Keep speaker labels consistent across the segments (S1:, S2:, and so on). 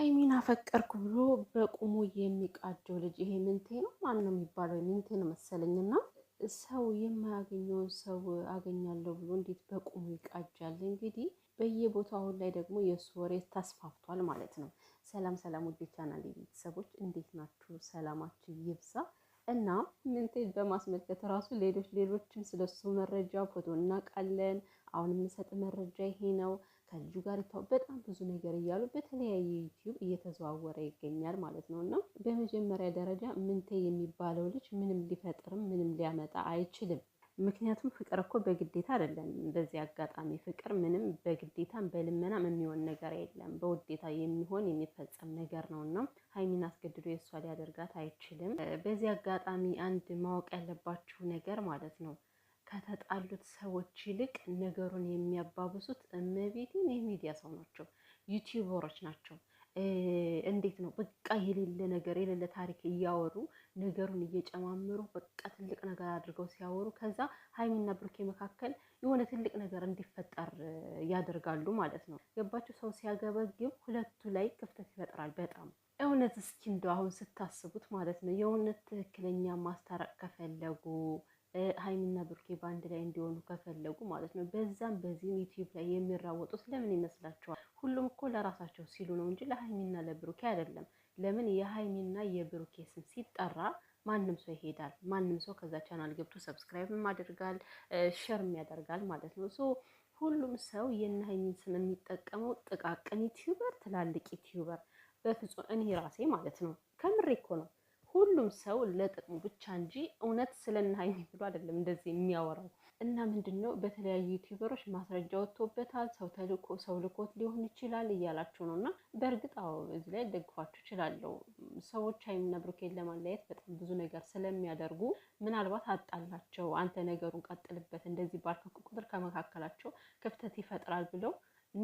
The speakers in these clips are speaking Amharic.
S1: ሀይሚን አፈቀርኩ ብሎ በቁሙ የሚቃጀው ልጅ ይሄ ምንቴ ነው ማን ነው የሚባለው? ምንቴ ነው መሰለኝና ሰው የማያገኘውን ሰው አገኛለሁ ብሎ እንዴት በቁሙ ይቃጃል? እንግዲህ በየቦታው አሁን ላይ ደግሞ የእሱ ወሬ ተስፋፍቷል ማለት ነው። ሰላም ሰላም፣ ውድ ቻናል ቤተሰቦች እንዴት ናችሁ? ሰላማችሁ ይብዛ እና ምንቴ በማስመልከት ራሱ ሌሎች ሌሎችም ስለሱ መረጃ ፎቶ እናውቃለን። አሁን የምሰጥ መረጃ ይሄ ነው ከልጁ ጋር ይታው በጣም ብዙ ነገር እያሉ በተለያየ ዩቲዩብ እየተዘዋወረ ይገኛል ማለት ነው። እና በመጀመሪያ ደረጃ ምንቴ የሚባለው ልጅ ምንም ሊፈጥርም ምንም ሊያመጣ አይችልም። ምክንያቱም ፍቅር እኮ በግዴታ አይደለም። በዚህ አጋጣሚ ፍቅር ምንም በግዴታም በልመናም የሚሆን ነገር የለም። በውዴታ የሚሆን የሚፈጸም ነገር ነው እና ሀይሚን አስገድዶ የእሷ ሊያደርጋት አይችልም። በዚህ አጋጣሚ አንድ ማወቅ ያለባችሁ ነገር ማለት ነው ከተጣሉት ሰዎች ይልቅ ነገሩን የሚያባብሱት እመቤቴን የሚዲያ ሰው ናቸው፣ ዩቲዩበሮች ናቸው። እንዴት ነው በቃ የሌለ ነገር የሌለ ታሪክ እያወሩ ነገሩን እየጨማመሩ በቃ ትልቅ ነገር አድርገው ሲያወሩ ከዛ ሀይሚና ብሩኬ መካከል የሆነ ትልቅ ነገር እንዲፈጠር ያደርጋሉ ማለት ነው። ገባችሁ? ሰው ሲያገበግብ ሁለቱ ላይ ክፍተት ይፈጥራል። በጣም እውነት እስኪ እንደው አሁን ስታስቡት ማለት ነው የእውነት ትክክለኛ ማስታረቅ ከፈለጉ ሀይሚና ብሩኬ በአንድ ላይ እንዲሆኑ ከፈለጉ ማለት ነው። በዛም በዚህም ዩቲዩብ ላይ የሚራወጡት ለምን ይመስላችኋል? ሁሉም እኮ ለራሳቸው ሲሉ ነው እንጂ ለሀይሚና ለብሩኬ አይደለም። ለምን የሀይሚና የብሩኬ ስም ሲጠራ ማንም ሰው ይሄዳል። ማንም ሰው ከዛ ቻናል ገብቶ ሰብስክራይብም ያደርጋል ሸርም ያደርጋል ማለት ነው። ሶ ሁሉም ሰው የነ ሀይሚን ስም የሚጠቀመው ጥቃቅን ዩቲዩበር፣ ትላልቅ ዩቲዩበር በፍጹም እኔ ራሴ ማለት ነው ከምሬ እኮ ነው ሁሉም ሰው ለጥቅሙ ብቻ እንጂ እውነት ስለና ሀይሚ ብሎ አይደለም እንደዚህ የሚያወራው። እና ምንድን ነው በተለያዩ ዩቲዩበሮች ማስረጃ ወጥቶበታል፣ ሰው ተልኮ ሰው ልኮት ሊሆን ይችላል እያላችሁ ነው። እና በእርግጥ አዎ እዚህ ላይ ደግፋችሁ እችላለሁ። ሰዎች ሀይሚና ብሩኬን ለማለያየት በጣም ብዙ ነገር ስለሚያደርጉ ምናልባት አጣላቸው፣ አንተ ነገሩን ቀጥልበት፣ እንደዚህ ባልክ ቁጥር ከመካከላቸው ክፍተት ይፈጥራል ብለው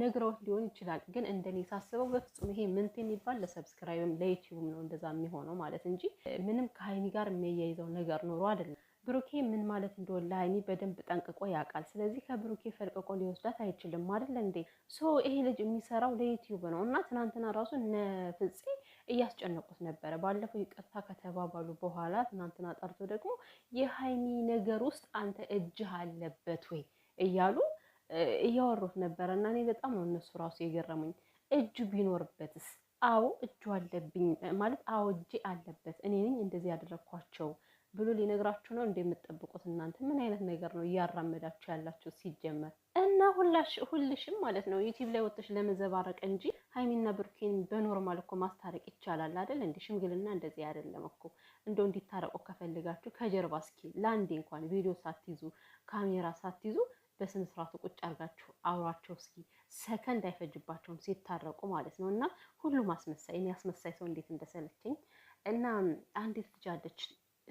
S1: ነግረውት ሊሆን ይችላል። ግን እንደኔ ሳስበው በፍጹም ይሄ ምንት የሚባል ለሰብስክራይብም ለዩቲዩብም ነው እንደዛ የሚሆነው ማለት እንጂ ምንም ከሀይሚ ጋር የሚያያይዘው ነገር ኖሮ አይደለም። ብሩኬ ምን ማለት እንደወላ ሀይሚ በደንብ ጠንቅቆ ያውቃል። ስለዚህ ከብሩኬ ፈልቅቆ ሊወስዳት አይችልም አይደለ እንዴ? ሶ ይሄ ልጅ የሚሰራው ለዩቲዩብ ነው እና ትናንትና ራሱ ነፍፄ እያስጨነቁት ነበረ። ባለፈው ይቅርታ ከተባባሉ በኋላ ትናንትና ጠርቶ ደግሞ የሀይሚ ነገር ውስጥ አንተ እጅህ አለበት ወይ እያሉ እያወሩት ነበረ እና እኔ በጣም ነው እነሱ ራሱ የገረሙኝ። እጁ ቢኖርበትስ? አዎ እጁ አለብኝ ማለት አዎ እጄ አለበት፣ እኔ ነኝ እንደዚህ ያደረግኳቸው ብሎ ሊነግራችሁ ነው እንደምትጠብቁት? እናንተ ምን አይነት ነገር ነው እያራመዳችሁ ያላችሁ ሲጀመር? እና ሁላሽ ሁልሽም ማለት ነው ዩቲብ ላይ ወጥሽ ለመዘባረቅ እንጂ ሀይሚና ብርኬን በኖርማል እኮ ማስታረቅ ይቻላል አይደል? እንዲ ሽምግልና እንደዚህ አይደለም እኮ። እንደው እንዲታረቁ ከፈልጋችሁ ከጀርባ እስኪ ለአንዴ እንኳን ቪዲዮ ሳትይዙ ካሜራ ሳትይዙ በስነ ስርዓቱ ቁጭ አርጋችሁ አውሯቸው እስኪ ሰከንድ አይፈጅባቸውም ሲታረቁ ማለት ነው። እና ሁሉም አስመሳይ እኔ አስመሳይ ሰው እንዴት እንደሰለቸኝ እና አንዲት ልጅ አለች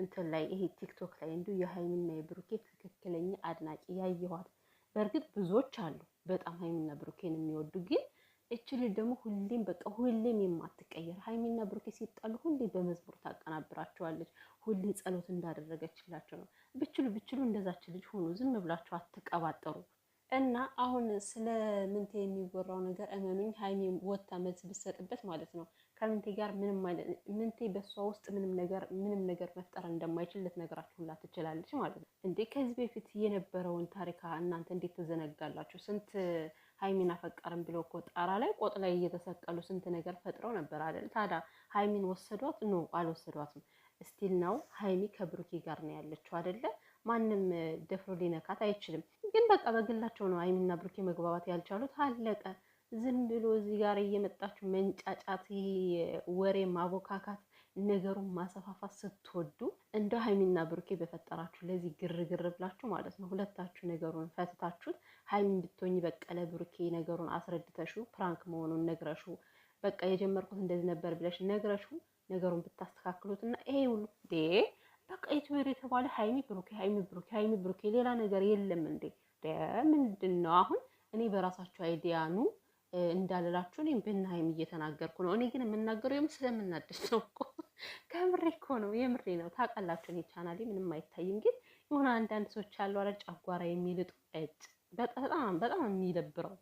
S1: እንትን ላይ ይሄ ቲክቶክ ላይ እንዲሁ የሀይሚና የብሩኬ ትክክለኛ አድናቂ ያየኋት። በእርግጥ ብዙዎች አሉ በጣም ሀይሚና ብሩኬን የሚወዱ ግን እች ልጅ ደግሞ ሁሌም በቃ ሁሌም የማትቀየር ሀይሚና ብሩኬ ሲጣሉ ሁሌ በመዝሙር ታቀናብራቸዋለች። ሁሌ ጸሎት እንዳደረገችላቸው ነው። ብችሉ ብችሉ እንደዛች ልጅ ሆኑ። ዝም ብላችሁ አትቀባጠሩ። እና አሁን ስለ ምንቴ የሚወራው ነገር እመኑኝ፣ ሀይሚ ወታ መልስ ብሰጥበት ማለት ነው ከምንቴ ጋር ምንም ምንቴ በእሷ ውስጥ ምንም ነገር ምንም ነገር መፍጠር እንደማይችል ልትነግራችሁ ሁላ ትችላለች ማለት ነው። እንዴ ከዚህ በፊት የነበረውን ታሪካ እናንተ እንዴት ትዘነጋላችሁ? ስንት ሀይሚን አፈቀርም ብለው እኮ ጣራ ላይ ቆጥ ላይ እየተሰቀሉ ስንት ነገር ፈጥረው ነበር አይደል? ታዲያ ሀይሚን ወሰዷት? ኖ አልወሰዷትም። ስቲል ነው ሀይሚ ከብሩኬ ጋር ነው ያለችው አይደለ? ማንም ደፍሮ ሊነካት አይችልም። ግን በቃ በግላቸው ነው ሀይሚና ብሩኬ መግባባት ያልቻሉት። አለቀ። ዝም ብሎ እዚህ ጋር እየመጣችሁ መንጫጫት፣ ወሬ ማቦካካት፣ ነገሩን ማሰፋፋት ስትወዱ እንደ ሀይሚና ብሩኬ በፈጠራችሁ ለዚህ ግርግር ብላችሁ ማለት ነው ሁለታችሁ ነገሩን ፈትታችሁት ሀይሚ ብትሆኝ በቀለ ብሩኬ ነገሩን አስረድተሹ ፕራንክ መሆኑን ነግረሹ በቃ የጀመርኩት እንደዚህ ነበር ብለሽ ነግረሹ ነገሩን ብታስተካክሉት እና ይሄ ሁሉ በቃ የትምህር የተባለ ሀይሚ ብሩኬ፣ ሀይሚ ብሩኬ፣ ሀይሚ ብሩኬ ሌላ ነገር የለም እንዴ? ምንድን ነው አሁን? እኔ በራሳቸው አይዲያ አይዲያኑ እንዳልላችሁ እኔም ብና ሀይሚ እየተናገርኩ ነው። እኔ ግን የምናገረው የም ስለምናደድ ነው እኮ ከምሬ እኮ ነው፣ የምሬ ነው። ታውቃላችሁ፣ እኔ ቻናሌ ምንም አይታይም፣ ግን የሆነ አንዳንድ ሰዎች ያሉ አረ ጨጓራ የሚልጡ እጭ በጣም በጣም የሚደብረው